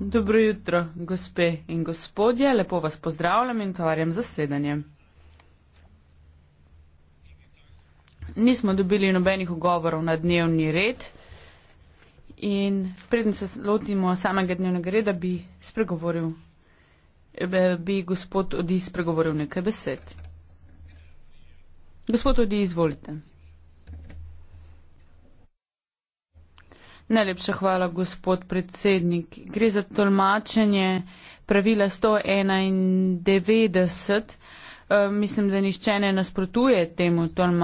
Dobro jutro, gospe in gospodje, lepo vas pozdravljam in tovarjam zasedanje. Nismo dobili nobenih ogovorov na dnevni red in predem se lotimo samega dnevnega reda, bi spregovoril, eh, bi gospod Odi spregovoril nekaj besed. Gospod Odi, izvolite. Najlepša hvala, gospod predsednik. Gre za tolmačenje pravila 191. Uh, eh, mislim, da nišče ne nasprotuje temu tolmačenju.